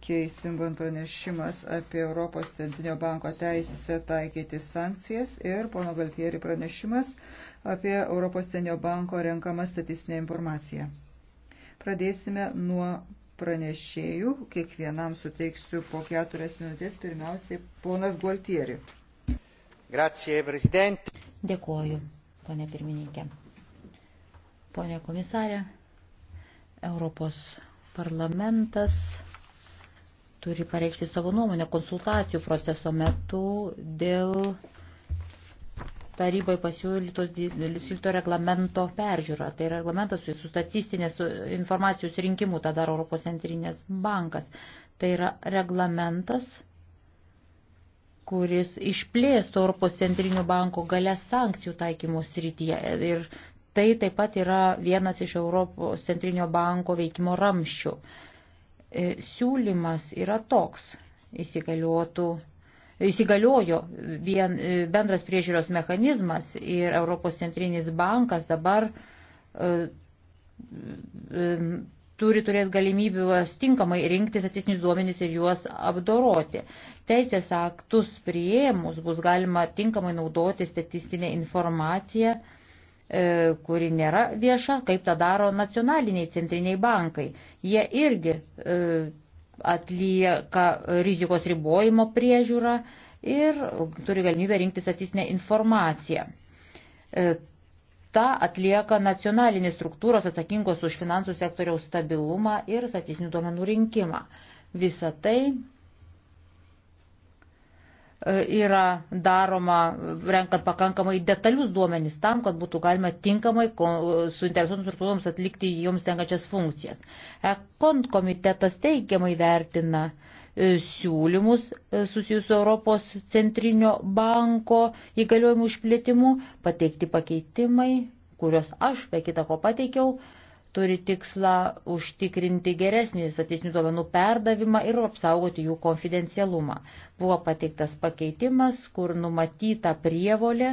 Keisimban pranešimas apie Europos centrinio banko teisę taikyti sankcijas ir pono Galtieri pranešimas apie Europos centrinio banko renkamą statistinę informaciją. Pradėsime nuo pranešėjų. Kiekvienam suteiksiu po keturias minutės. Pirmiausiai ponas Galtieri. Grazie, prezident. Dėkuoju, ponė pirmininkė. Ponė komisarė, Europos parlamentas turi pareikšti savo nuomonę konsultacijų proceso metu dėl tarybai pasiūlytos silto reglamento peržiūra. Tai yra reglamentas su statistinės informacijos rinkimu, tą daro Europos centrinės bankas. Tai yra reglamentas, kuris išplėstų Europos centrinio banko galės sankcijų taikymų srityje. Ir tai taip pat yra vienas iš Europos centrinio banko veikimo ramščių. Uh, E, siūlymas yra toks įsigaliotų. Įsigaliojo vien, e, bendras priežiūros mechanizmas ir Europos centrinis bankas dabar e, turi turėti galimybių tinkamai rinkti statistinius duomenys ir juos apdoroti. Teisės aktus prieimus bus galima tinkamai naudoti statistinę informaciją E, kuri nėra vieša, kaip tą daro nacionaliniai centriniai bankai. Jie irgi e, atlieka rizikos ribojimo priežiūrą ir turi galimybę rinkti statistinę informaciją. E, Ta atlieka nacionalinės struktūros atsakingos už finansų sektoriaus stabilumą ir statistinių duomenų rinkimą. Visa tai E, yra daroma, renkant pakankamai detalius duomenys tam, kad būtų galima tinkamai suinteresuotoms struktūroms atlikti joms tenkačias funkcijas. Ekon komitetas teigiamai vertina e, siūlymus e, susijusiu Europos centrinio banko įgaliojimų išplėtimu, pateikti pakeitimai, kuriuos aš be kitako pateikiau, turi tikslą užtikrinti geresnį statistinių duomenų perdavimą ir apsaugoti jų konfidencialumą. Buvo pateiktas pakeitimas, kur numatyta prievolė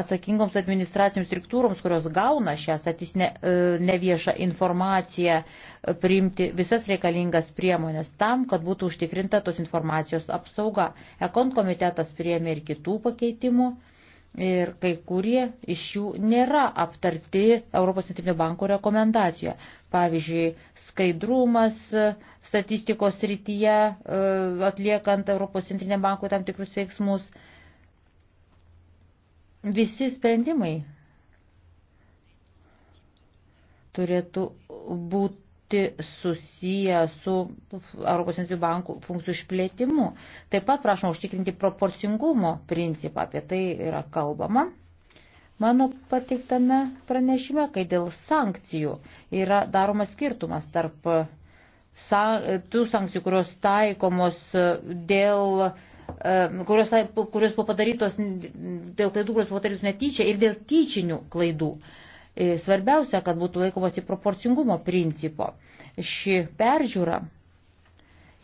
atsakingoms administracijoms struktūroms, kurios gauna šią statistinę e, neviešą informaciją, priimti visas reikalingas priemonės tam, kad būtų užtikrinta tos informacijos apsauga. Ekon komitetas priėmė ir kitų pakeitimų ir kai kurie iš jų nėra aptarti Europos Centrinio banko rekomendacijoje. Pavyzdžiui, skaidrumas e, statistikos rytyje e, atliekant Europos Centrinio banko tam tikrus veiksmus. Visi sprendimai turėtų būti būti susiję su Europos centrinių bankų funkcijų išplėtimu. Taip pat prašom užtikrinti proporcingumo principą, apie tai yra kalbama. Mano pateiktame pranešime, kai dėl sankcijų yra daromas skirtumas tarp tų sankcijų, kurios taikomos dėl e, kurios, tai, kurios buvo padarytos dėl klaidų, kurios buvo padarytos netyčia ir dėl tyčinių klaidų. Uh, E, svarbiausia, kad būtų laikomasi proporcingumo principo. Ši peržiūra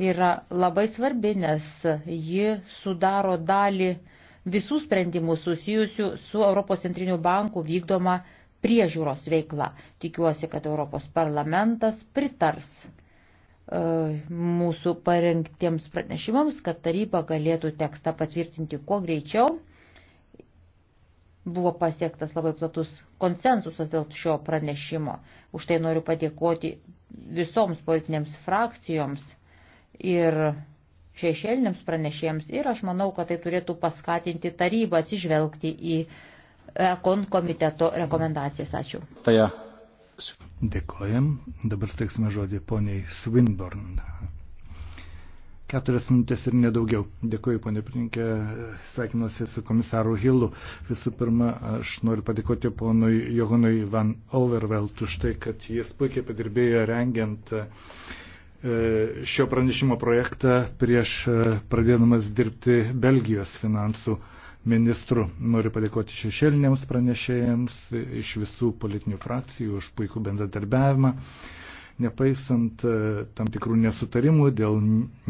yra labai svarbi, nes ji sudaro dalį visų sprendimų susijusių su Europos centriniu banku vykdoma priežiūros veikla. Tikiuosi, kad Europos parlamentas pritars e, mūsų parengtiems pranešimams, kad taryba galėtų tekstą patvirtinti kuo greičiau buvo pasiektas labai platus konsensusas dėl šio pranešimo. Už tai noriu padėkoti visoms politinėms frakcijoms ir šešėliniams pranešėjams ir aš manau, kad tai turėtų paskatinti tarybą atsižvelgti į kon komiteto rekomendacijas. Ačiū. Taja. Dėkojam. Dabar steiksime žodį poniai Swinburne. Keturias minutės ir nedaugiau. Dėkuoju, ponė Prinkė, sveikinuosi su komisaru Hillu. Visų pirma, aš noriu padėkoti ponui Johanui Van Overvelt už tai, kad jis puikiai padirbėjo rengiant e, šio pranešimo projektą prieš e, pradėdamas dirbti Belgijos finansų ministru. Noriu padėkoti šešėliniams pranešėjams iš visų politinių frakcijų už puikų bendradarbiavimą nepaisant e, tam tikrų nesutarimų dėl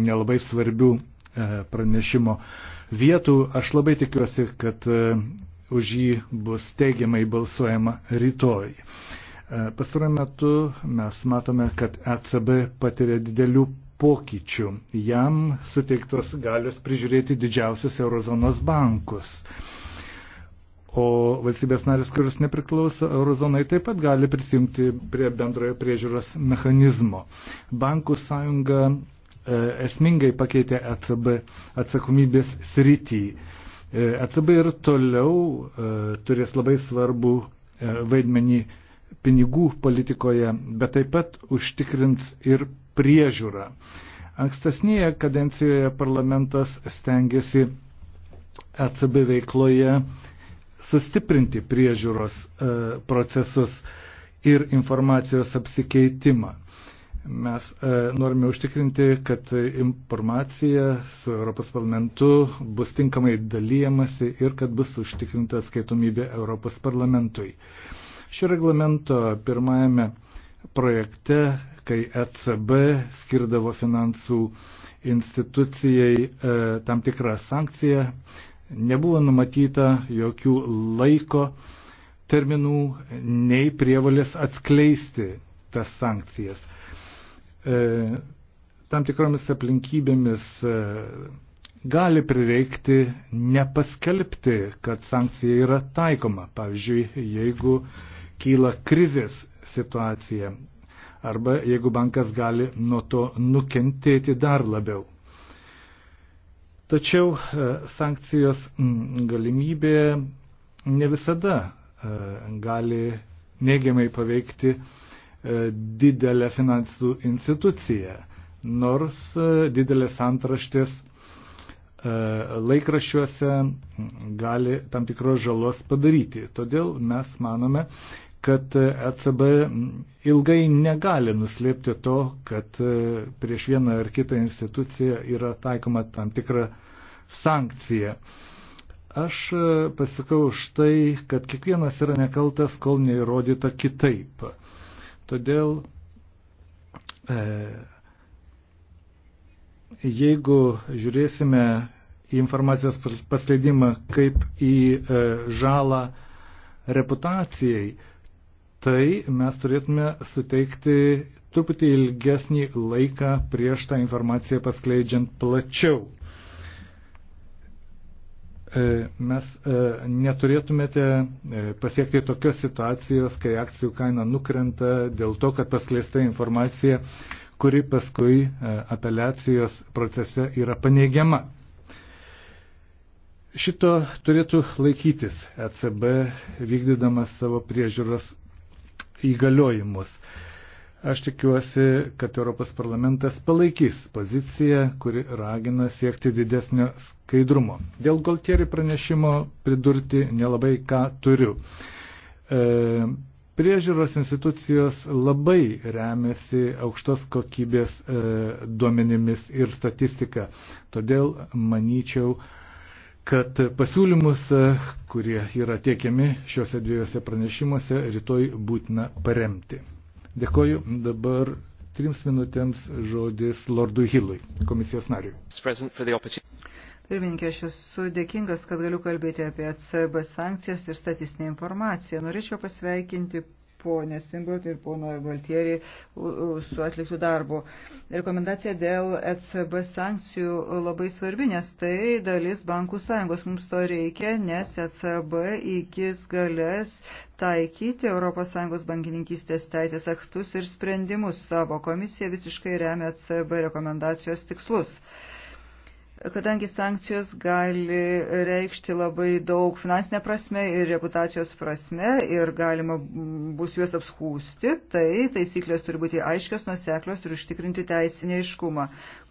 nelabai svarbių e, pranešimo vietų. Aš labai tikiuosi, kad e, už jį bus teigiamai balsuojama rytoj. Pastaruoju metu mes matome, kad ECB patiria didelių pokyčių. Jam suteiktos galios prižiūrėti didžiausius eurozonos bankus. O valstybės narės, kuris nepriklauso eurozonai, taip pat gali prisijungti prie bendrojo priežiūros mechanizmo. Bankų sąjunga e, esmingai pakeitė ECB atsakomybės srityj. E, ECB ir toliau e, turės labai svarbų e, vaidmenį pinigų politikoje, bet taip pat užtikrins ir priežiūrą. Ankstesnėje kadencijoje parlamentas stengiasi ECB veikloje sustiprinti priežiūros e, procesus ir informacijos apsikeitimą. Mes e, norime užtikrinti, kad informacija su Europos parlamentu bus tinkamai dalyjamasi ir kad bus užtikrinta atskaitomybė Europos parlamentui. Šio reglamento pirmajame projekte, kai ECB skirdavo finansų institucijai e, tam tikrą sankciją, nebuvo numatyta jokių laiko terminų nei prievalės atskleisti tas sankcijas. E, tam tikromis aplinkybėmis e, gali prireikti nepaskelbti, kad sankcija yra taikoma. Pavyzdžiui, jeigu kyla krizės situacija arba jeigu bankas gali nuo to nukentėti dar labiau. Tačiau e, sankcijos galimybė ne visada e, gali neigiamai paveikti e, didelę finansų instituciją, nors didelės antraštės laikraščiuose gali tam tikros žalos padaryti. Todėl mes manome, kad ECB ilgai negali nuslėpti to, kad e, prieš vieną ar kitą instituciją yra taikoma tam tikra sankcija. Aš e, pasakau už tai, kad kiekvienas yra nekaltas, kol neįrodyta kitaip. Todėl e, jeigu žiūrėsime į informacijos paskleidimą kaip į e, žalą reputacijai, tai mes turėtume suteikti truputį ilgesnį laiką prieš tą informaciją paskleidžiant plačiau. E, mes e, neturėtumėte e, pasiekti tokios situacijos, kai akcijų kaina nukrenta dėl to, kad paskleista informacija, kuri paskui apeliacijos procese yra paneigiama. Šito turėtų laikytis ECB vykdydamas savo priežiūros įgaliojimus. Aš tikiuosi, kad Europos parlamentas palaikys poziciją, kuri ragina siekti didesnio skaidrumo. Dėl Goltieri pranešimo pridurti nelabai ką turiu. E, priežiūros institucijos labai remiasi aukštos kokybės e, duomenimis ir statistika. Todėl, manyčiau, e, kad pasiūlymus, e, kurie yra tiekiami šiuose dviejose pranešimuose, rytoj būtina paremti. Dėkoju. Dabar trims minutėms žodis Lordui Hillui, komisijos nariui. Pirmininkė, aš esu dėkingas, kad galiu kalbėti apie e CB sankcijas ir statistinę informaciją. Norėčiau pasveikinti ponė Svimburt ir pono Gualtierį su atliktų darbu. Rekomendacija dėl ECB sankcijų labai svarbi, nes tai dalis bankų sąjungos. Mums to reikia, nes ECB įgis galės taikyti ES bankininkystės teisės aktus ir sprendimus savo. Komisija visiškai remia ECB rekomendacijos tikslus kadangi sankcijos gali reikšti labai daug finansinė prasme ir reputacijos prasme ir galima bus juos apskūsti, tai taisyklės turi būti aiškios, nuseklios ir užtikrinti teisinį aiškumą.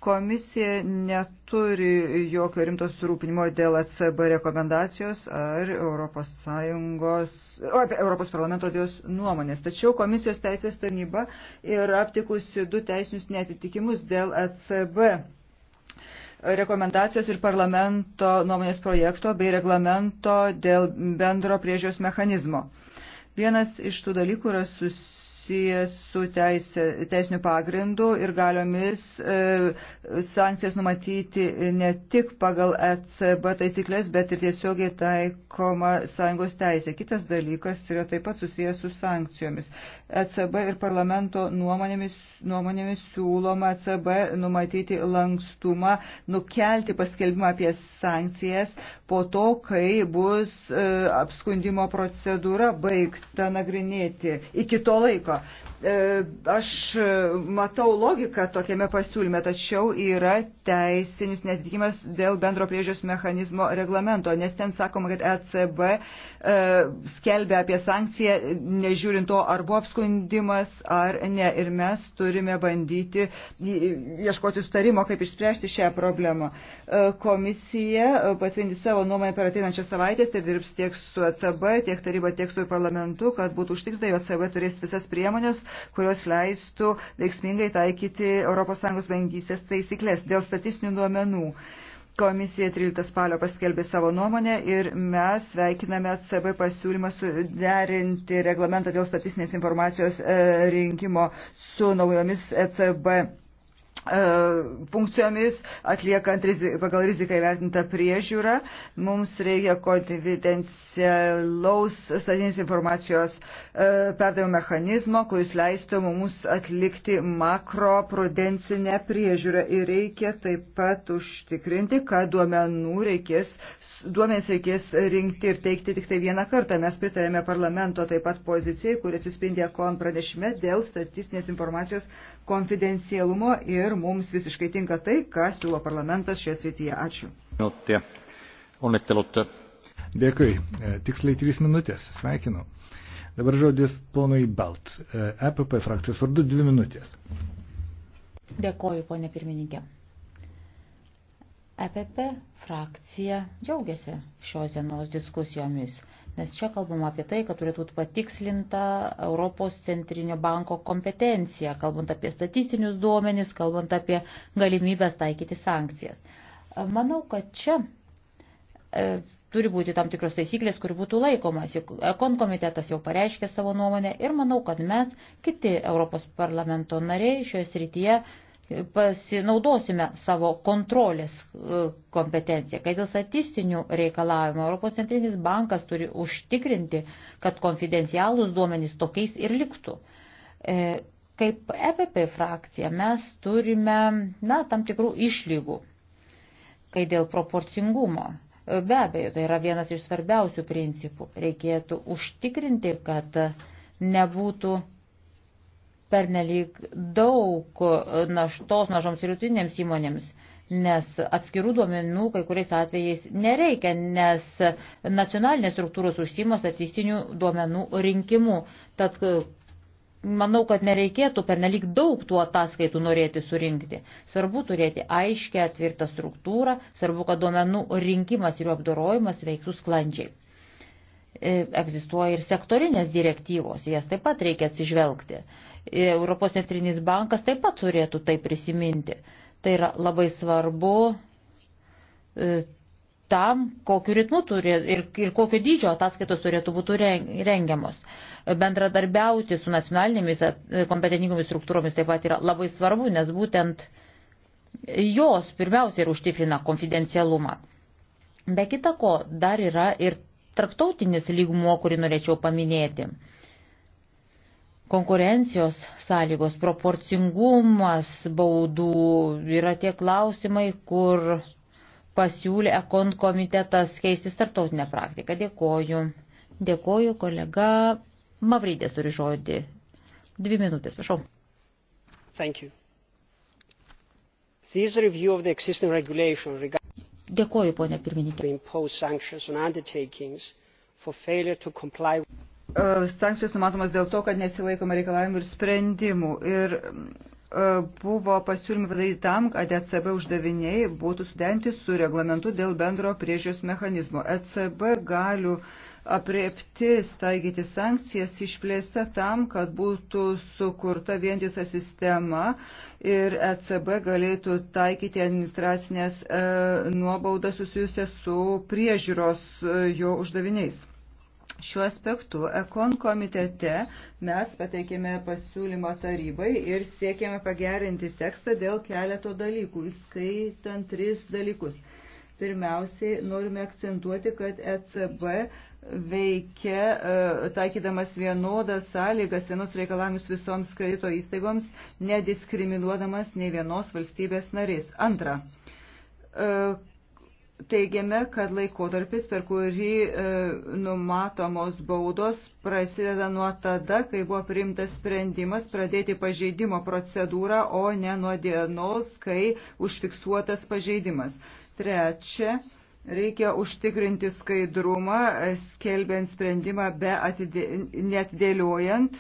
Komisija neturi jokio rimto surūpinimo dėl ACB rekomendacijos ar Europos, Sąjungos, o, Europos parlamento jos nuomonės. Tačiau komisijos teisės tarnyba yra aptikusi du teisinius netitikimus dėl ACB rekomendacijos ir parlamento nuomonės projekto bei reglamento dėl bendro priežiūros mechanizmo. Vienas iš tų dalykų yra susijęs susijęs su teisė, teisiniu pagrindu ir galiomis e, sankcijas numatyti ne tik pagal ECB taisyklės, bet ir tiesiogiai taikoma sąjungos teisė. Kitas dalykas yra taip pat susijęs su sankcijomis. ECB ir parlamento nuomonėmis, nuomonėmis siūloma ECB numatyti lankstumą, nukelti paskelbimą apie sankcijas po to, kai bus e, apskundimo procedūra baigta nagrinėti iki to laiko biudžeto. Aš matau logiką tokiame pasiūlyme, tačiau yra teisinis netitikimas dėl bendro priežios mechanizmo reglamento, nes ten sakoma, kad ECB e, skelbia apie sankciją, nežiūrint to, ar buvo apskundimas, ar ne. Ir mes turime bandyti ieškoti sutarimo, kaip išspręsti šią problemą. E, komisija patvindi savo nuomonę per ateinančią savaitę, tai dirbs tiek su ECB, tiek taryba, tiek su parlamentu, kad būtų užtikrinta, jog ECB turės visas priemonės priemonės, kurios leistų veiksmingai taikyti ES bankysės taisyklės dėl statistinių duomenų. Komisija 13 spalio paskelbė savo nuomonę ir mes sveikiname CB pasiūlymą suderinti reglamentą dėl statistinės informacijos e, rinkimo su naujomis ECB E, funkcijomis, atliekant rizik, pagal riziką įvertintą priežiūrą. Mums reikia konfidencialaus statinės informacijos e, perdavimo mechanizmo, kuris leistų mums atlikti makroprudencinę priežiūrą. Ir reikia taip pat užtikrinti, kad duomenų reikės, duomenys reikės rinkti ir teikti tik tai vieną kartą. Mes pritarėme parlamento taip pat pozicijai, kuri atsispindė kon pranešime dėl statistinės informacijos konfidencialumo ir mums visiškai tinka tai, ką siūlo parlamentas šioje srityje. Ačiū. Dėkui. E, tiksliai trys minutės. Sveikinu. Dabar žodis ponui Balt. EPP e frakcijos vardu dvi minutės. Dėkoju, ponė pirmininkė. EPP frakcija džiaugiasi šios dienos diskusijomis. Nes čia kalbam apie tai, kad turėtų būti patikslinta Europos centrinio banko kompetencija, kalbant apie statistinius duomenis, kalbant apie galimybės taikyti sankcijas. Manau, kad čia e, turi būti tam tikros taisyklės, kur būtų laikomas. Ekon komitetas jau pareiškė savo nuomonę ir manau, kad mes, kiti Europos parlamento nariai šioje srityje pasinaudosime savo kontrolės e, kompetenciją, kai dėl statistinių reikalavimų Europos centrinis bankas turi užtikrinti, kad konfidencialūs duomenys tokiais ir liktų. E, kaip EPP frakcija mes turime na, tam tikrų išlygų, kai dėl proporcingumo. E, be abejo, tai yra vienas iš svarbiausių principų. Reikėtų užtikrinti, kad nebūtų pernelyg daug naštos mažoms ir rytinėms įmonėms, nes atskirų duomenų kai kuriais atvejais nereikia, nes nacionalinės struktūros užsima statistinių duomenų rinkimu. Tad manau, kad nereikėtų pernelyg daug tų ataskaitų norėti surinkti. Svarbu turėti aiškę, tvirtą struktūrą, svarbu, kad duomenų rinkimas ir jų apdorojimas veiktų sklandžiai. E, egzistuoja ir sektorinės direktyvos, jas taip pat reikia atsižvelgti. Europos centrinis bankas taip pat turėtų tai prisiminti. Tai yra labai svarbu e, tam, kokiu ritmu turė, ir, ir kokio dydžio ataskaitos turėtų būti rengiamos. Bendradarbiauti su nacionalinėmis e, kompetentingomis struktūromis taip pat yra labai svarbu, nes būtent jos pirmiausia ir užtikrina konfidencialumą. Be kita ko, dar yra ir tarptautinis lygmuo, kurį norėčiau paminėti konkurencijos sąlygos, proporcingumas baudų yra tie klausimai, kur pasiūlė ekon komitetas keisti startautinę praktiką. Dėkoju. Dėkoju, kolega Mavrydės turi žodį. Dvi minutės, prašau. Dėkoju, ponė pirmininkė. E, sankcijos numatomos dėl to, kad nesilaikoma reikalavimų ir sprendimų. Ir e, buvo pasiūlymai padaryti tam, kad ECB uždaviniai būtų sudenti su reglamentu dėl bendro priežios mechanizmo. ECB galių aprieptis taikyti sankcijas išplėsta tam, kad būtų sukurta vientisa sistema ir ECB galėtų taikyti administracinės e, nuobaudas susijusias su priežiūros e, jo uždaviniais. Šiuo aspektu Ekon komitete mes pateikėme pasiūlymą tarybai ir siekėme pagerinti tekstą dėl keleto dalykų, įskaitant tris dalykus. Pirmiausiai norime akcentuoti, kad ECB veikia e, taikydamas vienodas sąlygas, vienus reikalavimus visoms kredito įstaigoms, nediskriminuodamas nei vienos valstybės narės. Antra, e, teigiame, kad laikotarpis, per kurį e, numatomos baudos, prasideda nuo tada, kai buvo priimtas sprendimas pradėti pažeidimo procedūrą, o ne nuo dienos, kai užfiksuotas pažeidimas. Trečia, reikia užtikrinti skaidrumą, e, skelbiant sprendimą be atidė, netidėliojant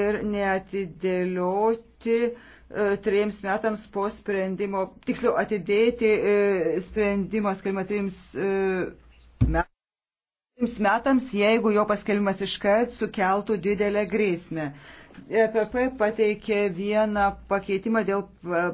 ir neatidėlioti E, trejiems metams po sprendimo, tiksliau atidėti e, sprendimo skelbimą trejiems e, metams trims metams, jeigu jo paskelbimas iškart sukeltų didelę grėsmę. EPP pateikė vieną pakeitimą dėl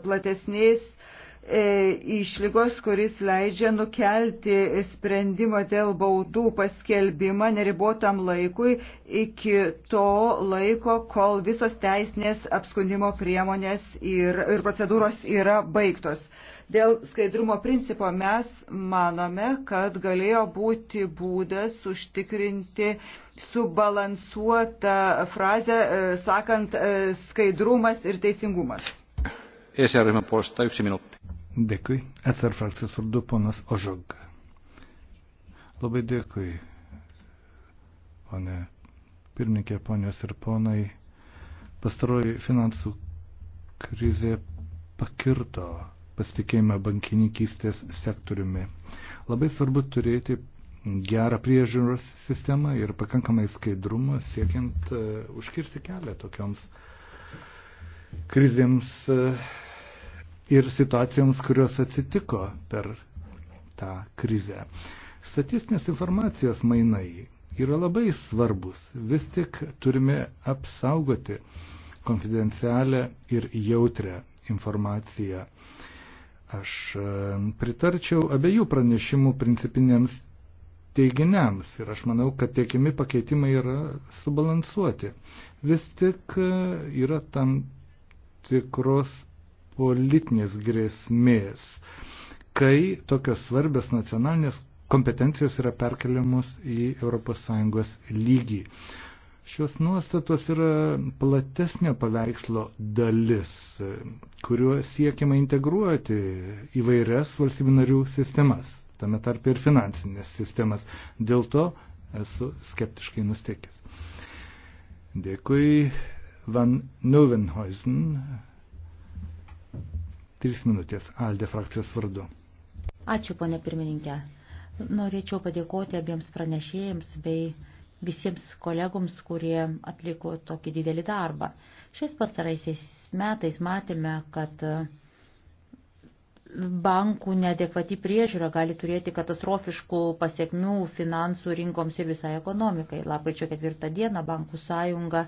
platesnės uh, E, išlygos, kuris leidžia nukelti sprendimo dėl baudų paskelbimą neribotam laikui iki to laiko, kol visos teisinės apskundimo priemonės ir, ir procedūros yra baigtos. Dėl skaidrumo principo mes manome, kad galėjo būti būdas užtikrinti subalansuotą frazę, e, sakant, e, skaidrumas ir teisingumas. Esiryhmän puolesta yksi minuutti. Dėkui. Atsar frakcijos vardu ponas Ožog. Labai dėkui, ponė pirmininkė, ponios ir ponai. Pastaroji finansų krizė pakirto pasitikėjimą bankininkystės sektoriumi. Labai svarbu turėti gerą priežiūros sistemą ir pakankamai skaidrumą siekiant uh, užkirsti kelią tokioms krizėms. Uh, ir situacijoms, kurios atsitiko per tą krizę. Statistinės informacijos mainai yra labai svarbus. Vis tik turime apsaugoti konfidencialę ir jautrę informaciją. Aš e, pritarčiau abiejų pranešimų principiniams teiginiams ir aš manau, kad tiekimi pakeitimai yra subalansuoti. Vis tik e, yra tam tikros politinės grėsmės, kai tokios svarbios nacionalinės kompetencijos yra perkeliamos į ES lygį. Šios nuostatos yra platesnio paveikslo dalis, kuriuo siekiama integruoti įvairias valstybių narių sistemas, tame tarp ir finansinės sistemas. Dėl to esu skeptiškai nusteikęs. Dėkui Van Neuvenhuizen, Tris minutės Aldė frakcijos vardu. Ačiū, ponė pirmininkė. Norėčiau padėkoti abiems pranešėjams bei visiems kolegoms, kurie atliko tokį didelį darbą. Šiais pastaraisiais metais matėme, kad bankų nedekvati priežiūra gali turėti katastrofiškų pasiekmių finansų rinkoms ir visai ekonomikai. Lapkričio ketvirtą dieną bankų sąjunga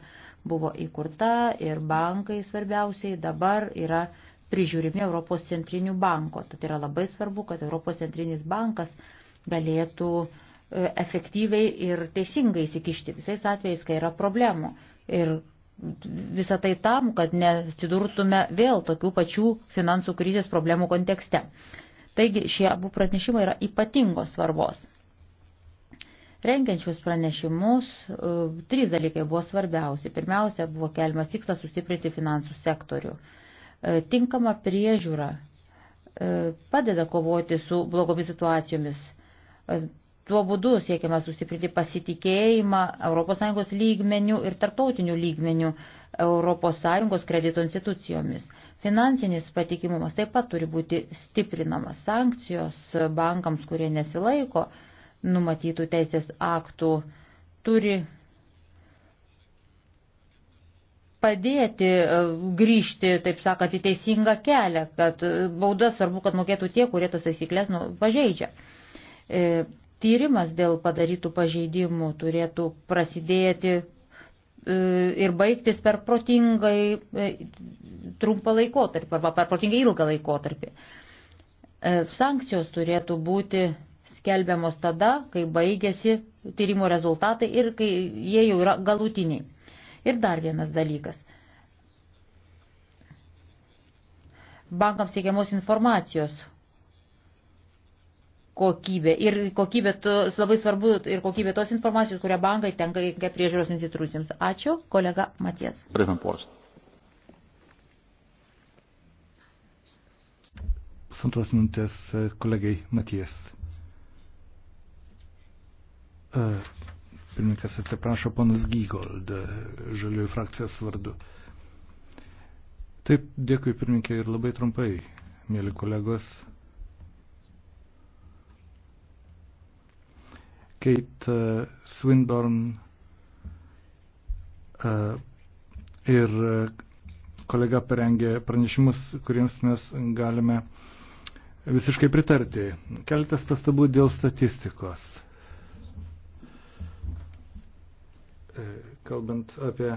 buvo įkurta ir bankai svarbiausiai dabar yra prižiūrimi Europos centrinių banko. Tad yra labai svarbu, kad Europos centrinis bankas galėtų e, efektyviai ir teisingai įsikišti visais atvejais, kai yra problemų. Ir visą tai tam, kad nesidurtume vėl tokių pačių finansų krizės problemų kontekste. Taigi šie abu pranešimai yra ypatingos svarbos. Renkiančius pranešimus e, trys dalykai buvo svarbiausi. Pirmiausia, buvo keliamas tikslas sustiprinti finansų sektorių. E, tinkama priežiūra e, padeda kovoti su blogomis situacijomis. E, tuo būdu siekiama sustiprinti pasitikėjimą ES lygmenių ir tarptautinių lygmenių ES kredito institucijomis. Finansinis patikimumas taip pat turi būti stiprinamas. Sankcijos bankams, kurie nesilaiko numatytų teisės aktų, turi padėti e, grįžti, taip sakant, į teisingą kelią, kad e, baudas svarbu, kad mokėtų tie, kurie tas taisyklės nu, pažeidžia. E, tyrimas dėl padarytų pažeidimų turėtų prasidėti e, ir baigtis per protingai e, trumpą laikotarpį arba per protingai ilgą laikotarpį. E, sankcijos turėtų būti skelbiamos tada, kai baigėsi tyrimo rezultatai ir kai jie jau yra galutiniai. Ir dar vienas dalykas. Bankams teikiamos informacijos kokybė. Ir kokybė, tos, labai svarbu, ir kokybė tos informacijos, kurią bankai tenka priežiūros institucijoms. Ačiū, kolega Matijas. Pusantros minutės kolegai Matijas. E, Pirmininkas atsiprašo ponas Gygold, žaliųjų frakcijos vardu. Taip, dėkui pirmininkė ir labai trumpai, mėly kolegos. Kate uh, Swinburne uh, ir uh, kolega parengė pranešimus, kuriems mes galime visiškai pritarti. Keletas pastabų dėl statistikos. E, kalbant apie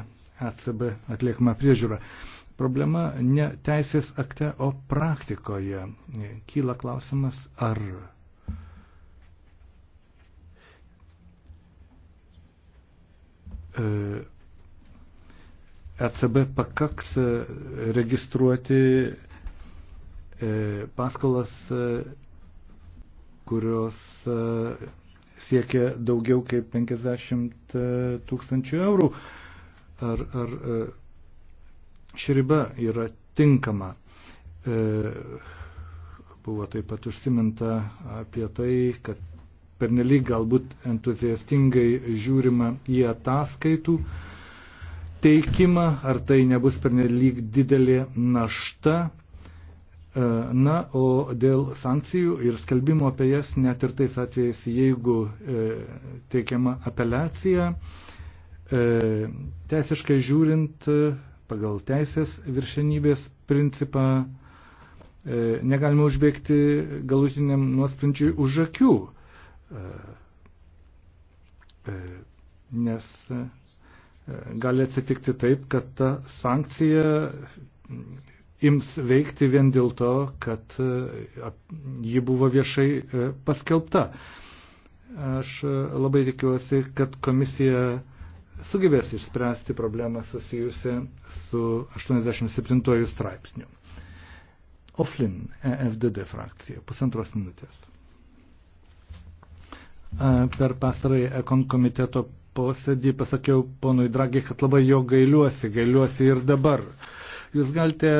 ECB atliekamą priežiūrą. Problema ne teisės akte, o praktikoje. E, kyla klausimas, ar ECB e pakaks registruoti paskolas, kurios siekia daugiau kaip 50 e, tūkstančių eurų. Ar, ar e, ši riba yra tinkama? E, buvo taip pat užsiminta apie tai, kad pernelyg galbūt entuziastingai žiūrima į ataskaitų teikimą, ar tai nebus pernelyg didelė našta E, na, o dėl sankcijų ir skelbimo apie jas net ir tais atvejais, jeigu e, teikiama apeliacija, e, teisiškai žiūrint pagal teisės viršenybės principą, e, negalima užbėgti galutiniam nuosprendžiui už akių, e, e, nes e, gali atsitikti taip, kad ta sankcija ims veikti vien dėl to, kad e, ji buvo viešai e, paskelbta. Aš e, labai tikiuosi, kad komisija sugebės išspręsti problemą susijusią su 87 straipsniu. Oflin, EFDD frakcija, pusantros minutės. Per pastarąjį ekon komiteto posėdį pasakiau ponui Dragi, kad labai jo gailiuosi, gailiuosi ir dabar. Uh, Jūs galite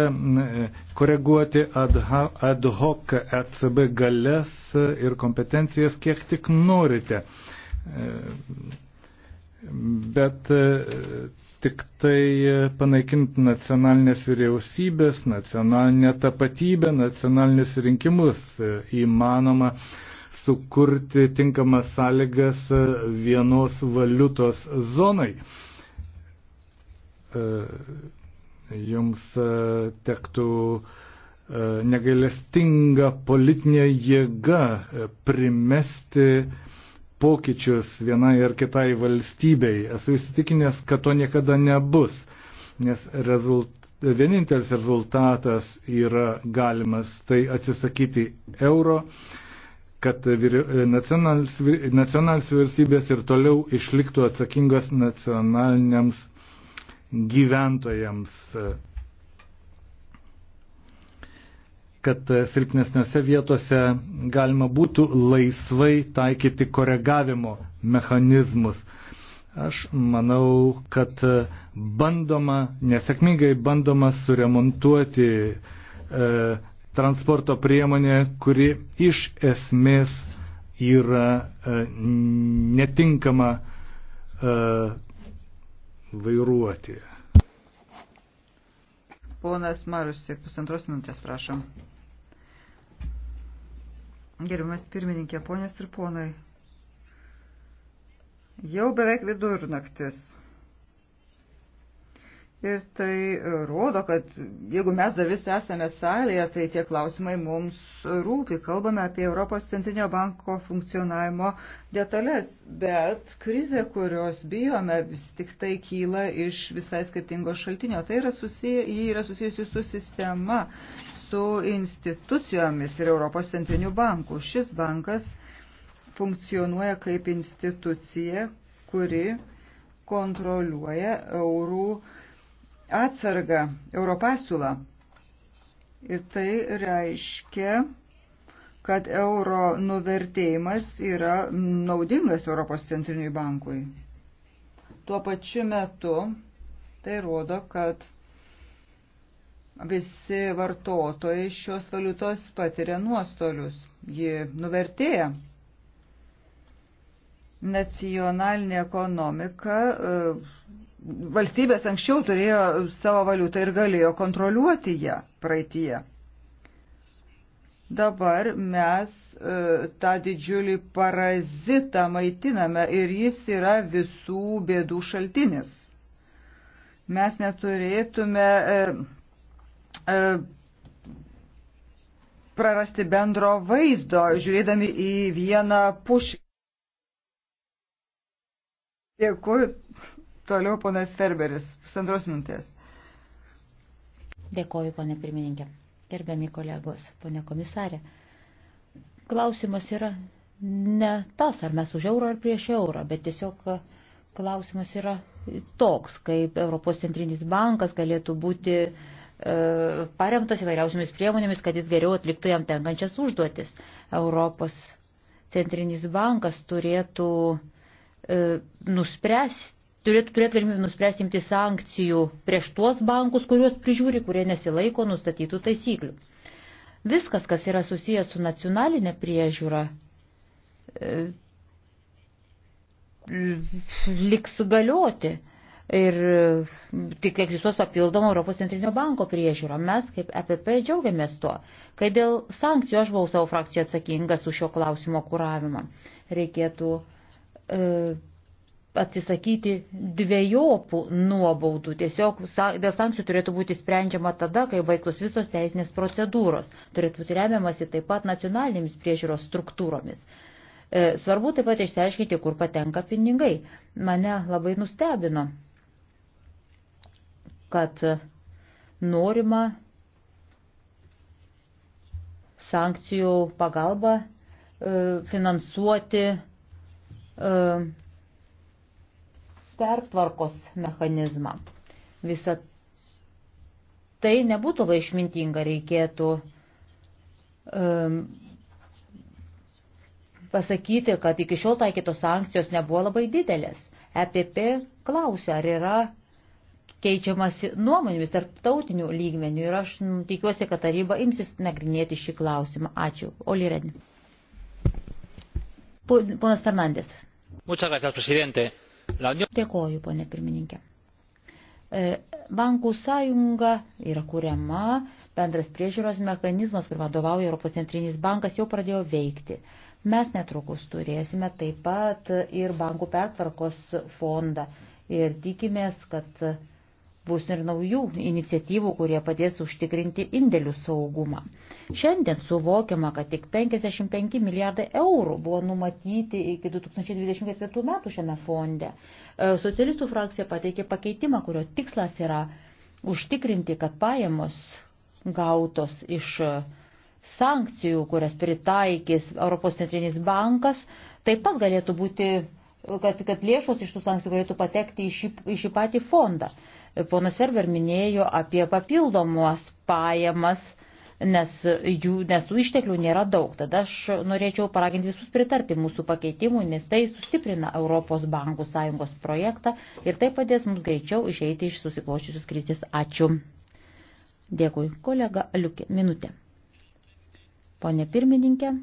koreguoti ad hoc ECB galės ir kompetencijas kiek tik norite. Bet e, tik tai panaikinti nacionalinės vyriausybės, nacionalinę tapatybę, nacionalinius rinkimus e, įmanoma sukurti tinkamas sąlygas e, vienos valiutos zonai jums e, tektų e, negailestinga politinė jėga e, primesti pokyčius vienai ar kitai valstybei. Esu įsitikinęs, kad to niekada nebus, nes rezult... vienintelis rezultatas yra galimas tai atsisakyti euro kad nacionalinės vyriausybės ir toliau išliktų atsakingas nacionaliniams gyventojams, kad silpnesniuose vietose galima būtų laisvai taikyti koregavimo mechanizmus. Aš manau, kad bandoma, nesėkmingai bandoma suremontuoti e, transporto priemonė, kuri iš esmės yra e, netinkama e, vairuoti. Ponas Marusik, pusantros minutės, prašom. Gerbiamas pirmininkė, ponės ir ponai. Jau beveik vidurnaktis. Ir tai e, rodo, kad jeigu mes dar vis esame salėje, tai tie klausimai mums rūpi. Kalbame apie Europos centrinio banko funkcionavimo detalės, bet krizė, kurios bijome, vis tik tai kyla iš visai skirtingo šaltinio. Tai yra, susiję, yra susijusi su sistema, su institucijomis ir Europos centriniu banku. Šis bankas funkcionuoja kaip institucija, kuri kontroliuoja eurų atsargą, europasiūlą. Ir tai reiškia, kad euro nuvertėjimas yra naudingas Europos centriniui bankui. Tuo pačiu metu tai rodo, kad visi vartotojai šios valiutos patiria nuostolius. Ji nuvertėja. Nacionalinė ekonomika valstybės anksčiau turėjo savo valiutą ir galėjo kontroliuoti ją praeitie. Dabar mes e, tą didžiulį parazitą maitiname ir jis yra visų bėdų šaltinis. Mes neturėtume e, e, prarasti bendro vaizdo, žiūrėdami į vieną pušį. Dėkui. Toliau ponas Ferberis, pusantros minutės. Dėkoju, ponė pirmininkė. Gerbiami kolegos, ponė komisarė. Klausimas yra ne tas, ar mes už eurą ar prieš eurą, bet tiesiog klausimas yra toks, kaip Europos centrinis bankas galėtų būti e, paremtas įvairiausiamis priemonėmis, kad jis geriau atliktų jam tenkančias užduotis. Europos centrinis bankas turėtų e, nuspręsti turėtų turėti galimybę nuspręsti imti sankcijų prieš tuos bankus, kuriuos prižiūri, kurie nesilaiko nustatytų taisyklių. Viskas, kas yra susijęs su nacionalinė priežiūra, e, liks galioti ir e, tik egzistuos papildoma Europos centrinio banko priežiūra. Mes kaip EPP džiaugiamės tuo, kai dėl sankcijų aš buvau savo frakciją atsakingas už šio klausimo kuravimą. Reikėtų e, atsisakyti dviejopų nuobaudų. Tiesiog dėl sankcijų turėtų būti sprendžiama tada, kai baigtos visos teisinės procedūros. Turėtų būti remiamasi taip pat nacionalinėmis priežiūros struktūromis. E, svarbu taip pat išsiaiškinti, kur patenka pinigai. Mane labai nustebino, kad norima sankcijų pagalba e, finansuoti e, pertvarkos mechanizmą. Visą tai nebūtų labai išmintinga, reikėtų um, pasakyti, kad iki šiol taikytos sankcijos nebuvo labai didelės. EPP klausia, ar yra keičiamasi nuomonėmis tarptautinių lygmenių ir aš tikiuosi, kad taryba imsis nagrinėti šį klausimą. Ačiū. Oli Redin. Ponas Fernandės. Muchas gracias, presidente. Dėkoju, ponė pirmininkė. E, bankų sąjunga yra kuriama, bendras priežiūros mechanizmas, kur vadovauja Europos centrinis bankas, jau pradėjo veikti. Mes netrukus turėsime taip pat ir bankų pertvarkos fondą ir tikimės, kad bus ir naujų iniciatyvų, kurie padės užtikrinti indėlių saugumą. Šiandien suvokiama, kad tik 55 milijardai eurų buvo numatyti iki 2024 metų šiame fonde. E, socialistų frakcija pateikė pakeitimą, kurio tikslas yra užtikrinti, kad pajamos gautos iš sankcijų, kurias pritaikys Europos centrinis bankas, taip pat galėtų būti, kad, kad lėšos iš tų sankcijų galėtų patekti į šį, į šį patį fondą. Ponas Ferber minėjo apie papildomos pajamas, nes jų, nes tų išteklių nėra daug. Tada aš norėčiau paraginti visus pritarti mūsų pakeitimui, nes tai sustiprina Europos bankų sąjungos projektą ir tai padės mums greičiau išeiti iš susikloščiusios krizės. Ačiū. Dėkui, kolega Liukė. Minutė. Pone pirmininkė,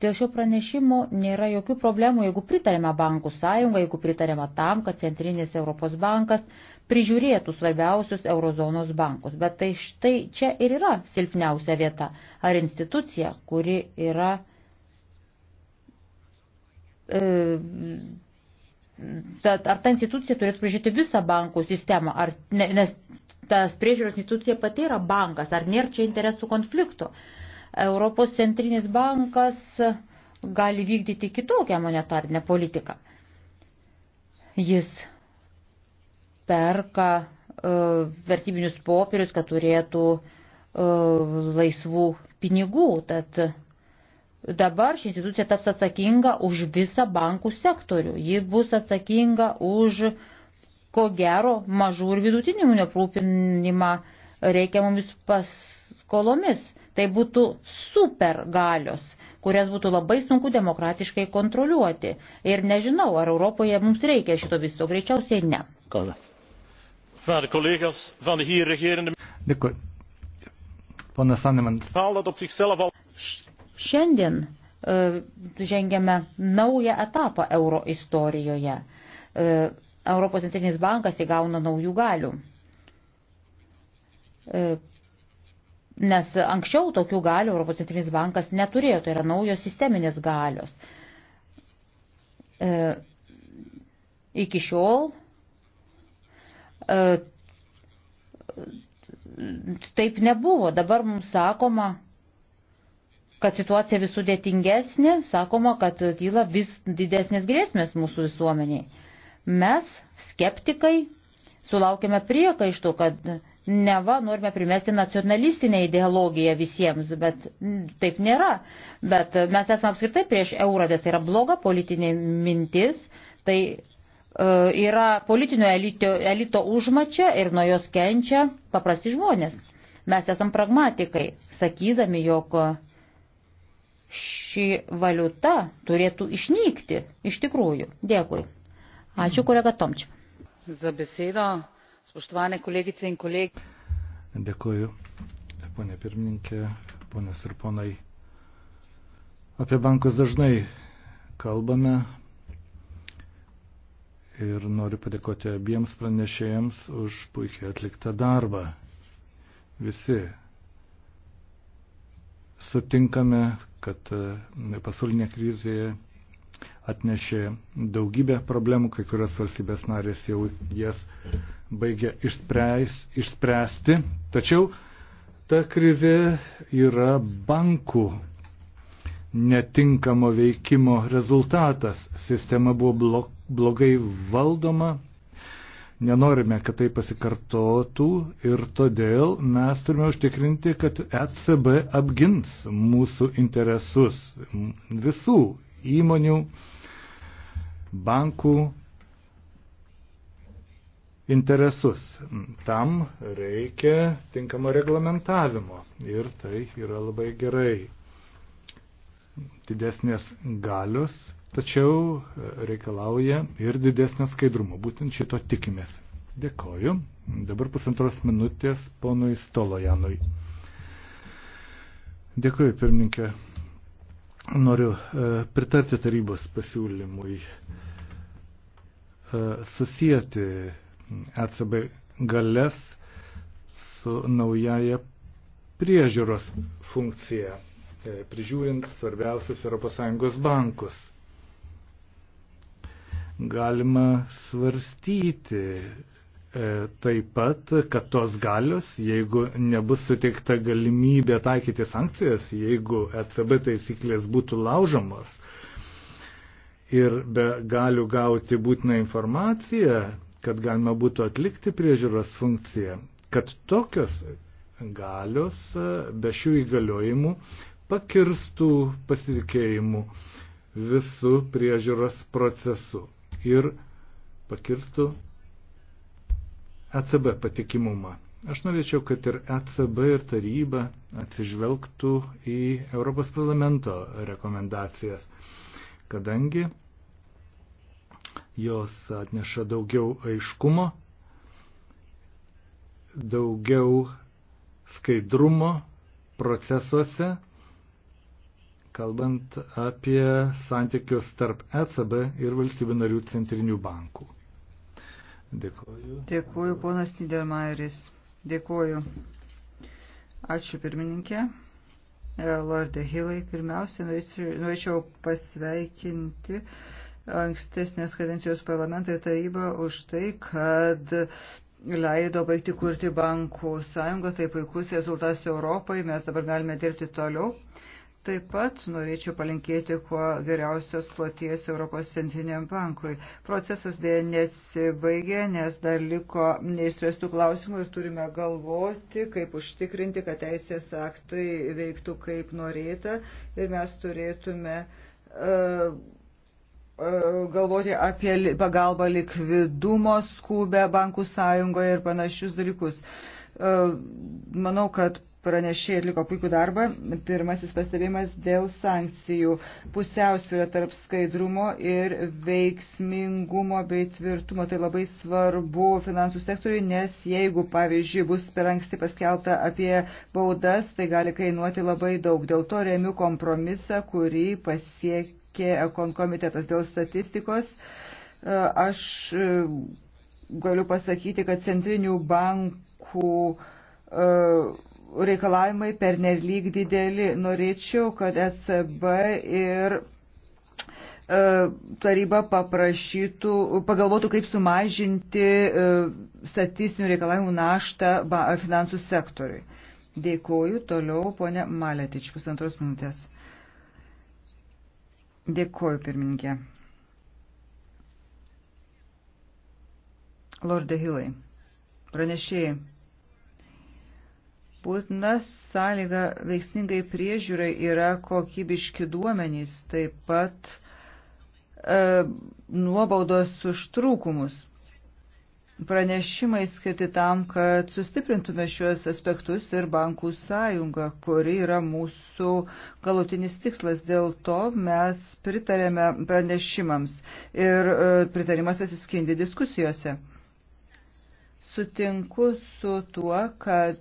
Dėl šio pranešimo nėra jokių problemų, jeigu pritarėme bankų sąjungą, jeigu pritarėme tam, kad Centrinis Europos bankas prižiūrėtų svarbiausius eurozonos bankus. Bet tai štai čia ir yra silpniausia vieta ar institucija, kuri yra. E, Tad ar ta institucija turėtų prižiūrėti visą bankų sistemą, ar, ne, nes tas priežiūros institucija pati yra bankas, ar nėra čia interesų konflikto. Uh, Europos centrinis bankas gali vykdyti kitokią monetarinę politiką. Jis perka uh, vertybinius popierius, kad turėtų uh, laisvų pinigų. Tad dabar ši institucija taps atsakinga už visą bankų sektorių. Ji bus atsakinga už, ko gero, mažų ir vidutinių neprūpinimą reikiamomis paskolomis. Tai būtų supergalios, kurias būtų labai sunku demokratiškai kontroliuoti. Ir nežinau, ar Europoje mums reikia šito viso, greičiausiai ne. Kola. Dėkui. Pana Saneman. Šiandien uh, e, žengėme naują etapą euro istorijoje. Uh, Europos centrinis bankas įgauna naujų galių. Uh, nes anksčiau tokių galių Europos centrinis bankas neturėjo, tai yra naujos sisteminės galios. E, iki šiol e, taip nebuvo. Dabar mums sakoma, kad situacija vis sudėtingesnė, sakoma, kad kyla vis didesnės grėsmės mūsų visuomeniai. Mes, skeptikai, sulaukime priekaištų, kad neva norime primesti nacionalistinę ideologiją visiems, bet taip nėra. Bet mes esame apskritai prieš eurodės, tai yra bloga politinė mintis, tai e, yra politinio elito, elito užmačia ir nuo jos kenčia paprasti žmonės. Mes esame pragmatikai, sakydami, jog ši valiuta turėtų išnykti iš tikrųjų. Dėkui. Ačiū kolega Tomčiu. Za besedo spoštovane kolegice in kolegi. Dėkuoju, ponė pirmininkė, ponės ir ponai. Apie bankus dažnai kalbame ir noriu padėkoti abiems pranešėjams už puikiai atliktą darbą. Visi sutinkame, kad pasaulinė krizė atnešė daugybę problemų, kai kurios valstybės narės jau jas baigė išspreis, išspręsti. Tačiau ta krizė yra bankų netinkamo veikimo rezultatas. Sistema buvo blogai valdoma, nenorime, kad tai pasikartotų ir todėl mes turime užtikrinti, kad ECB apgins mūsų interesus visų įmonių, bankų interesus. Tam reikia tinkamo reglamentavimo ir tai yra labai gerai. Didesnės galios, tačiau reikalauja ir didesnio skaidrumo. Būtent šito tikimės. Dėkoju. Dabar pusantros minutės ponui Stolojanui. Dėkoju, pirmininkė. Noriu e, pritarti tarybos pasiūlymui e, susijęti ECB galės su naujaja priežiūros funkcija, e, prižiūrint svarbiausius ES bankus. Galima svarstyti E, taip pat, kad tos galios, jeigu nebus suteikta galimybė taikyti sankcijas, jeigu ECB taisyklės būtų laužomos ir be galių gauti būtiną informaciją, kad galima būtų atlikti priežiūros funkciją, kad tokios galios e, be šių įgaliojimų pakirstų pasitikėjimu visų priežiūros procesu ir pakirstų ECB patikimumą. Aš norėčiau, kad ir ECB ir taryba atsižvelgtų į Europos parlamento rekomendacijas, kadangi jos atneša daugiau aiškumo, daugiau skaidrumo procesuose, kalbant apie santykius tarp ECB ir valstybių narių centrinių bankų. Dėkuoju. Dėkuoju, ponas Nidermajeris. Dėkuoju. Ačiū pirmininkė. E, Lorde Hilai, pirmiausia, norėčiau pasveikinti ankstesnės kadencijos parlamentą ir tarybą už tai, kad leido baigti kurti bankų sąjungą, tai puikus rezultatas Europai, mes dabar galime dirbti toliau. Taip pat norėčiau palinkėti kuo geriausios ploties Europos centriniam bankui. Procesas dėja nesibaigė, nes dar liko neįspręstų klausimų ir turime galvoti, kaip užtikrinti, kad teisės aktai veiktų kaip norėta ir mes turėtume uh, uh, galvoti apie pagalbą likvidumo skubę bankų sąjungoje ir panašius dalykus. Uh, Manau, kad pranešėjai atliko puikų darbą. Pirmasis pastebėjimas dėl sankcijų. Pusiausvyrė tarp skaidrumo ir veiksmingumo bei tvirtumo. Tai labai svarbu finansų sektoriui, nes jeigu, pavyzdžiui, bus per anksti paskelbta apie baudas, tai gali kainuoti labai daug. Dėl to remiu kompromisą, kurį pasiekė komitetas dėl statistikos. Aš galiu pasakyti, kad centrinių bankų e, reikalavimai pernelyg dideli. Norėčiau, kad ECB ir e, taryba paprašytų, pagalvotų, kaip sumažinti e, statistinių reikalavimų naštą finansų sektoriui. Dėkoju. Toliau ponė Maletič, pusantros minutės. Dėkoju, pirmininkė. Lorde Hilai, pranešėjai, būtina sąlyga veiksmingai priežiūrai yra kokybiški duomenys, taip pat e, nuobaudos už trūkumus. Pranešimai skirti tam, kad sustiprintume šiuos aspektus ir bankų sąjungą, kuri yra mūsų galutinis tikslas. Dėl to mes pritarėme pranešimams ir e, pritarimas atsiskindi diskusijose. Sutinku su tuo, kad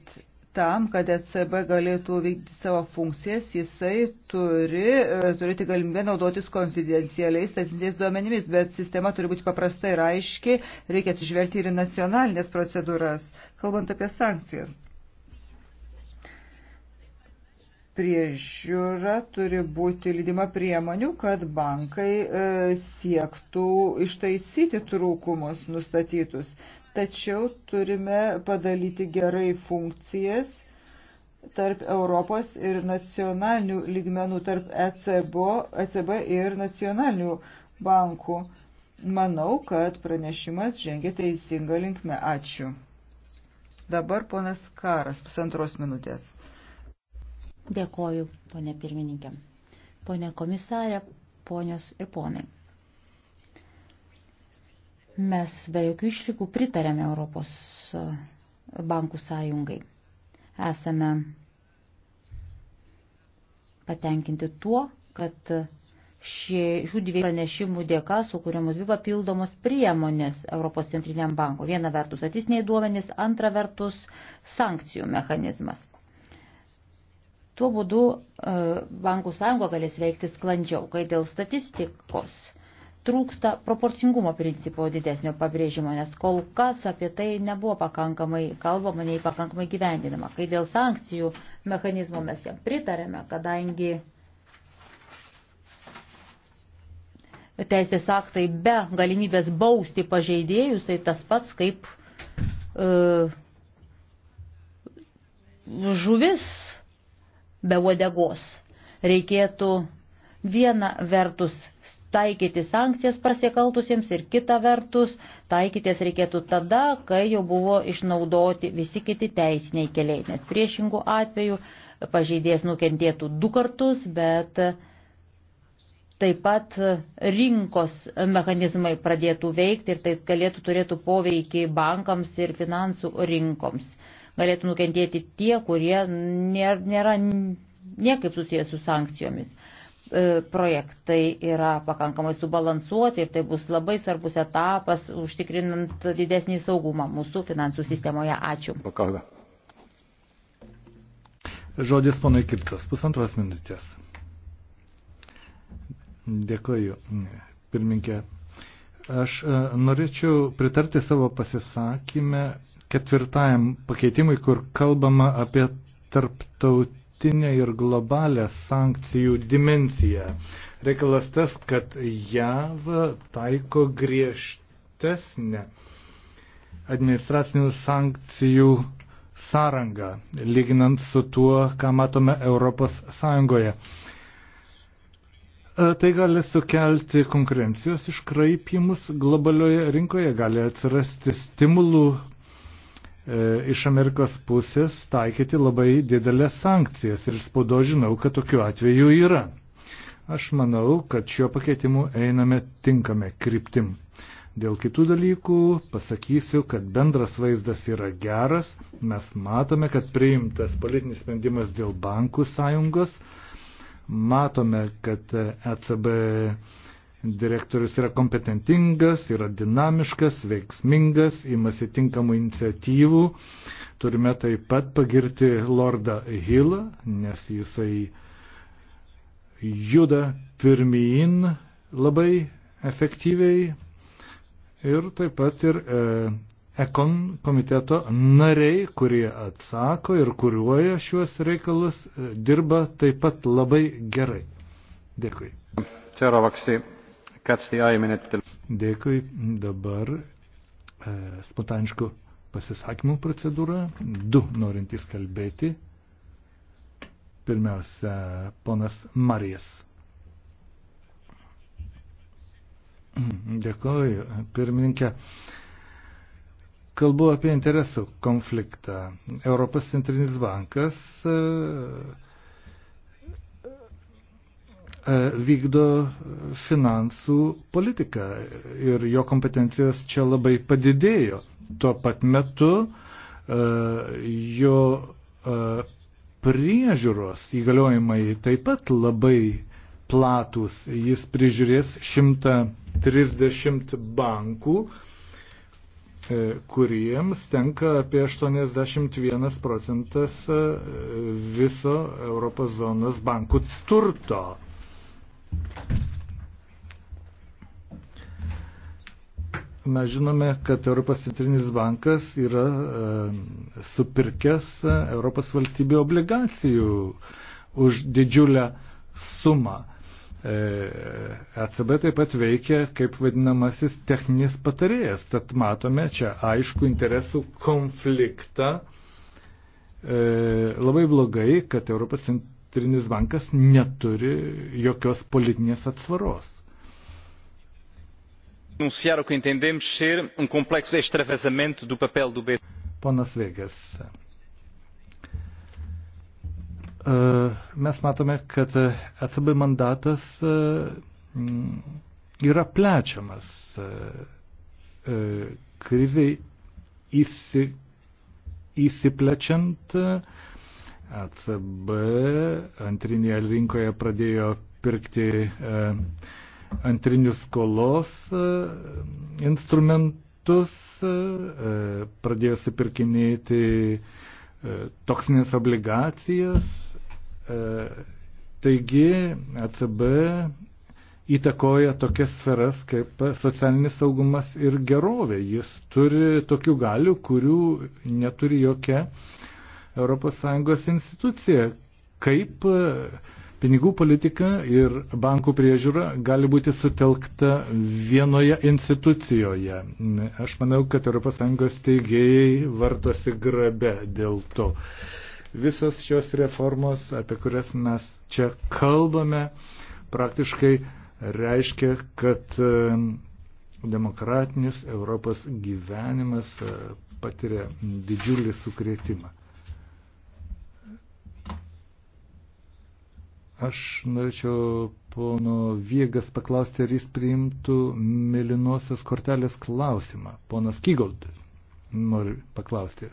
tam, kad ECB galėtų vykdyti savo funkcijas, jisai turi e, turėti galimybę naudotis konfidencialiais statistiniais duomenimis, bet sistema turi būti paprasta ir aiški, reikia atsižvelgti ir į nacionalinės procedūras, kalbant apie sankcijas. Priežiūra turi būti lydima priemonių, kad bankai e, siektų ištaisyti trūkumus nustatytus. E, tačiau turime padalyti gerai funkcijas tarp Europos ir nacionalinių lygmenų, tarp ECB, ECB ir nacionalinių bankų. Manau, kad pranešimas žengia teisinga linkme. Ačiū. Dabar ponas Karas, pusantros minutės. Dėkoju, ponė pirmininkė. Pone komisarė, ponios ir ponai. Mes be jokių išlygų pritarėme Europos bankų sąjungai. Esame patenkinti tuo, kad šių dviejų pranešimų dėka sukūriamos dvi papildomos priemonės Europos centriniam banku. Viena vertus atysniai duomenys, antra vertus sankcijų mechanizmas. Tuo būdu e, bankų sąjunga galės veikti sklandžiau, kai dėl statistikos trūksta proporcingumo principo didesnio pabrėžimo, nes kol kas apie tai nebuvo pakankamai kalbama, nei pakankamai gyvendinama. Kai dėl sankcijų mechanizmo mes jam pritarėme, kadangi teisės aktai be galimybės bausti pažeidėjus, tai tas pats kaip e, žuvis be uodegos. Reikėtų viena vertus taikyti sankcijas prasiekaltusiems ir kita vertus taikyties reikėtų tada, kai jau buvo išnaudoti visi kiti teisiniai keliai, nes priešingų atveju pažeidėjas nukentėtų du kartus, bet taip pat rinkos mechanizmai pradėtų veikti ir tai galėtų turėtų poveikį bankams ir finansų rinkoms. Galėtų nukentėti tie, kurie nėra niekaip susijęs su sankcijomis. E, projektai yra pakankamai subalansuoti ir tai bus labai svarbus etapas užtikrinant didesnį saugumą mūsų finansų sistemoje. Ačiū. Pakalbė. Žodis ponai Kircas, pusantros minutės. Dėkoju, pirminkė. Aš e, norėčiau pritarti savo pasisakymę ketvirtajam pakeitimui, kur kalbama apie tarptautinį tarptautinę ir globalę sankcijų dimenciją. Reikalas tas, kad JAV taiko griežtesnę administracinių sankcijų sąrangą, lyginant su tuo, ką matome Europos Sąjungoje. E, tai gali sukelti konkurencijos iškraipimus globalioje rinkoje, gali atsirasti stimulų E, iš Amerikos pusės taikyti labai didelės sankcijas ir spaudo žinau, kad tokiu atveju yra. Aš manau, kad šiuo pakeitimu einame tinkame kryptim. Dėl kitų dalykų pasakysiu, kad bendras vaizdas yra geras, mes matome, kad priimtas politinis sprendimas dėl bankų sąjungos, matome, kad ECB e direktorius yra kompetentingas, yra dinamiškas, veiksmingas, imasi tinkamų iniciatyvų. Turime taip pat pagirti Lordą Hillą, nes jisai juda pirmyn labai efektyviai ir taip pat ir e, ekon komiteto nariai, kurie atsako ir kuriuoja šiuos reikalus, e, dirba taip pat labai gerai. Dėkui. Seuraavaksi Dėkui. Dabar e, spontaniškų pasisakymų procedūra. Du norintys kalbėti. Pirmiausia, ponas Marijas. Dėkoju, pirmininkė. Kalbu apie interesų konfliktą. Europos centrinis bankas e, E, vykdo finansų politiką ir jo kompetencijos čia labai padidėjo. Tuo pat metu e, jo e, priežiūros įgaliojimai taip pat labai platus. Jis prižiūrės 130 bankų, kuriems tenka apie 81 procentas viso Europos zonos bankų turto. Mes žinome, kad Europos centrinis bankas yra e, supirkęs e, Europos valstybių obligacijų už didžiulę sumą. ECB e taip pat veikia kaip vadinamasis techninis patarėjas, tad matome čia aišku interesų konfliktą. E, labai blogai, kad Europos centrinis bankas neturi jokios politinės atsvaros. Anunciar o que entendemos ser um complexo extravasamento do papel do BCE. Ponas Veigas, uh, mes matome, kad ECB uh, mandatas uh, mm, yra plečiamas kriziai įsi, įsiplečiant, ECB antrinėje rinkoje pradėjo pirkti e, antrinius skolos e, instrumentus, e, pradėjo supirkinėti toksinės obligacijas. Taigi ECB įtakoja tokias sferas kaip socialinis saugumas ir gerovė. Jis turi tokių galių, kurių neturi jokia uh, ES institucija, kaip e, pinigų politika ir bankų priežiūra gali būti sutelkta vienoje institucijoje. Aš manau, kad ES teigėjai vartosi grabe dėl to. Visos šios reformos, apie kurias mes čia kalbame, praktiškai reiškia, kad e, demokratinis Europos gyvenimas e, patiria didžiulį sukrėtimą. Aš norėčiau pono Viegas paklausti, ar jis priimtų mėlynosios kortelės klausimą. Ponas Kygold nori paklausti.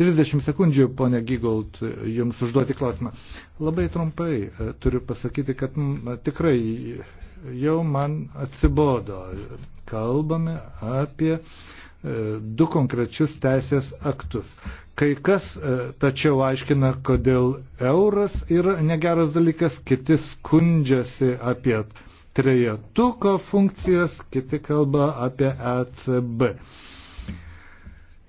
30 sekundžių, ponė Gygold, jums užduoti klausimą. Labai trumpai e, turiu pasakyti, kad na, tikrai jau man atsibodo. Kalbame apie E, du konkrečius teisės aktus. Kai kas e, tačiau aiškina, kodėl euras yra negeras dalykas, kiti skundžiasi apie trejetuko funkcijas, kiti kalba apie ECB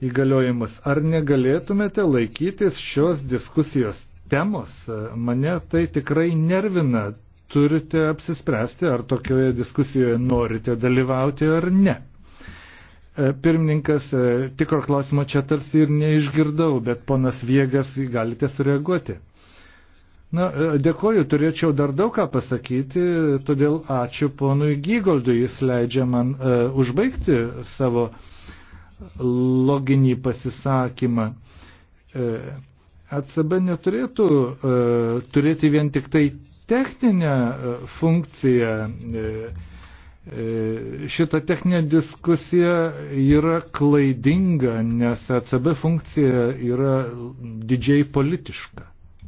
įgaliojimus. Ar negalėtumėte laikytis šios diskusijos temos? E, mane tai tikrai nervina. Turite apsispręsti, ar tokioje diskusijoje norite dalyvauti ar ne. E, pirmininkas, e, tikro klausimo čia tarsi ir neišgirdau, bet ponas Viegas galite sureaguoti. Na, e, dėkoju, turėčiau dar daug ką pasakyti, todėl ačiū ponui Gygoldui, jis leidžia man uh, užbaigti savo loginį pasisakymą. Uh, ECB neturėtų uh, turėti vien tik tai techninę uh, funkciją. Uh, E, šita techninė diskusija yra klaidinga, nes ECB funkcija yra didžiai politiška.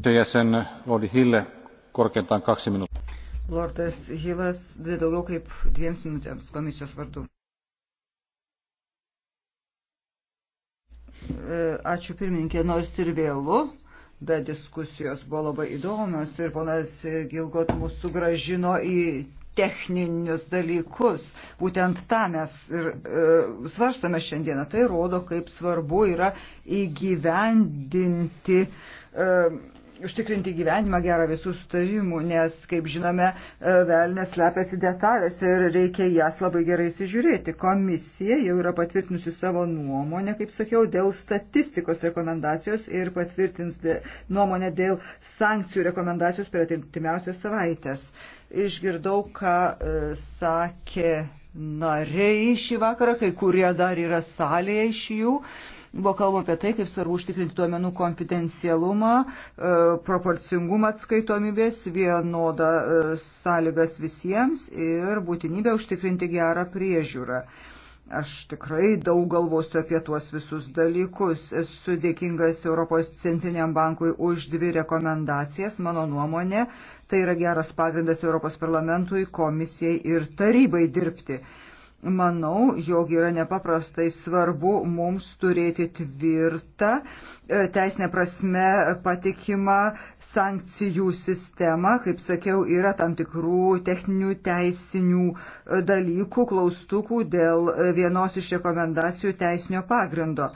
TSN Lordi Hille, korkeintaan kaksi minuuttia. Lordas Hillas, daugiau kaip dviems minutėms komisijos vardu. E, ačiū pirmininkė, nors ir vėlu, bet diskusijos buvo labai įdomios ir ponas Gilgot mūsų gražino į techninius dalykus. Būtent tą mes ir e, svarstame šiandieną. Tai rodo, kaip svarbu yra įgyvendinti. E, Užtikrinti gyvenimą gerą visų sutarimų, nes, kaip žinome, e, velnės slepiasi detalės ir reikia jas labai gerai įsižiūrėti. Komisija jau yra patvirtinusi savo nuomonę, kaip sakiau, dėl statistikos rekomendacijos ir patvirtins nuomonę dėl sankcijų rekomendacijos per atintimiausias savaitės. E, Išgirdau, ką e, sakė nariai šį vakarą, kai kurie dar yra salėje iš jų. Buvo kalba apie tai, kaip svarbu užtikrinti duomenų konfidencialumą, e, proporcingumą atskaitomybės, vienodą e, sąlygas visiems ir būtinybę užtikrinti gerą priežiūrą. Aš tikrai daug galvosiu apie tuos visus dalykus. Esu dėkingas Europos Centriniam bankui už dvi rekomendacijas. Mano nuomonė, tai yra geras pagrindas Europos parlamentui, komisijai ir tarybai dirbti. Manau, jog yra nepaprastai svarbu mums turėti tvirtą, e, teisinę prasme patikimą sankcijų sistemą. Kaip sakiau, yra tam tikrų techninių teisinių e, dalykų, klaustukų dėl e, vienos iš rekomendacijų teisinio pagrindo.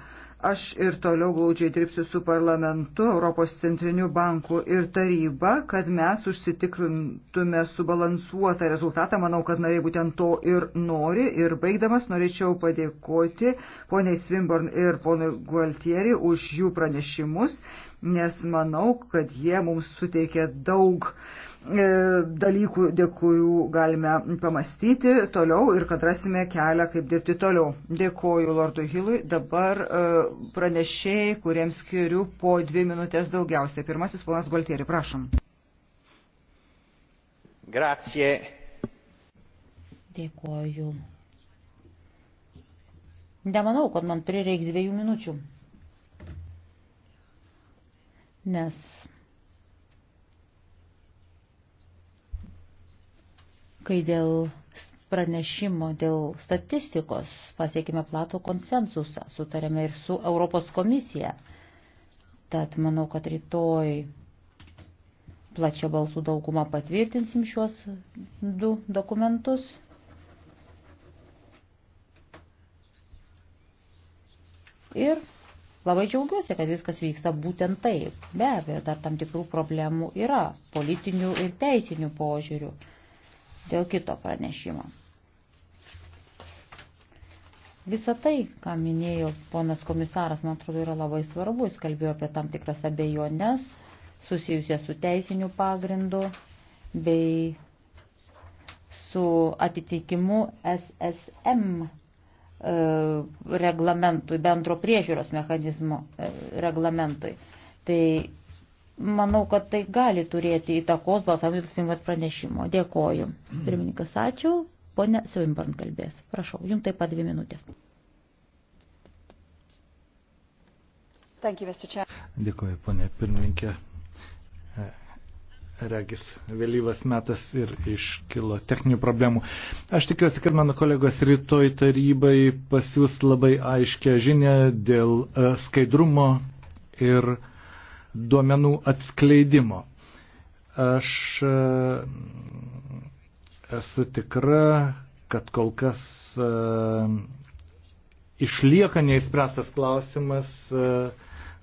Aš ir toliau glaudžiai dirbsiu su parlamentu, Europos centriniu banku ir taryba, kad mes užsitikrintume subalansuotą rezultatą. Manau, kad nariai būtent to ir nori. Ir baigdamas norėčiau padėkoti poniai Svimborn ir ponui Gualtieri už jų pranešimus, nes manau, kad jie mums suteikė daug uh, E, dalykų, dėl kurių galime pamastyti toliau ir kad rasime kelią, kaip dirbti toliau. Dėkoju Lordui Hilui. Dabar e, pranešėjai, kuriems skiriu po dvi minutės daugiausiai. Pirmasis ponas Gualtieri, prašom. Grazie. Dėkoju. Nemanau, kad man prireiks dviejų minučių. Nes kai dėl pranešimo dėl statistikos pasiekime platų konsensusą, sutarėme ir su Europos komisija. Tad manau, kad rytoj plačia balsų daugumą patvirtinsim šiuos du dokumentus. Ir labai džiaugiuosi, kad viskas vyksta būtent taip. Be abejo, dar tam tikrų problemų yra, politinių ir teisinių požiūrių dėl kito pranešimo. Visą tai, ką minėjo ponas komisaras, man atrodo, yra labai svarbu. Jis kalbėjo apie tam tikras abejones susijusias su teisiniu pagrindu bei su atitikimu SSM e, reglamentui, bendro priežiūros mechanizmo e, reglamentui. Tai Manau, kad tai gali turėti įtakos balsavimo sprendimas pranešimo. Dėkoju. Pirmininkas, ačiū. Pone Svimbarn kalbės. Prašau, jums taip pat dvi minutės. Dėkoju, ponė pirmininkė. Regis, vėlyvas metas ir iškilo techninių problemų. Aš tikiuosi, kad mano kolegos rytoj tarybai pasiūs labai aiškę žinę dėl e, skaidrumo ir uh, duomenų atskleidimo. Aš e, esu tikra, kad kol kas e, išlieka neįspręstas klausimas e,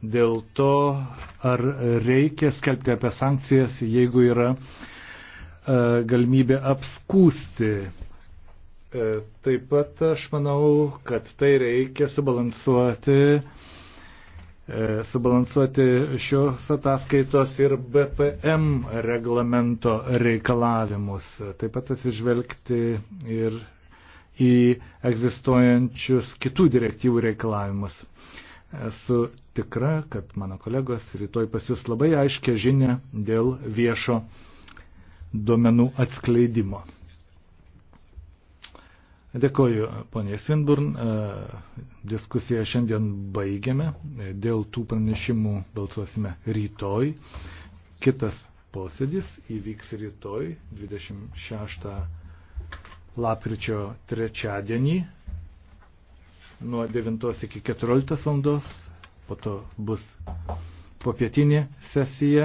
dėl to, ar reikia skelbti apie sankcijas, jeigu yra galimybė apskūsti. Taip pat aš manau, kad tai reikia subalansuoti E, subalansuoti šios ataskaitos ir BPM reglamento reikalavimus, taip pat atsižvelgti ir į egzistuojančius kitų direktyvų reikalavimus. Esu tikra, kad mano kolegos rytoj pas jūs labai aiškia žinia dėl viešo duomenų atskleidimo. Dėkoju, ponė Svinburn. E, diskusiją šiandien baigiame. E, dėl tų pranešimų balsuosime rytoj. Kitas posėdis įvyks rytoj, 26 lapkričio trečiadienį, nuo 9 iki 14 valandos. Po to bus popietinė sesija.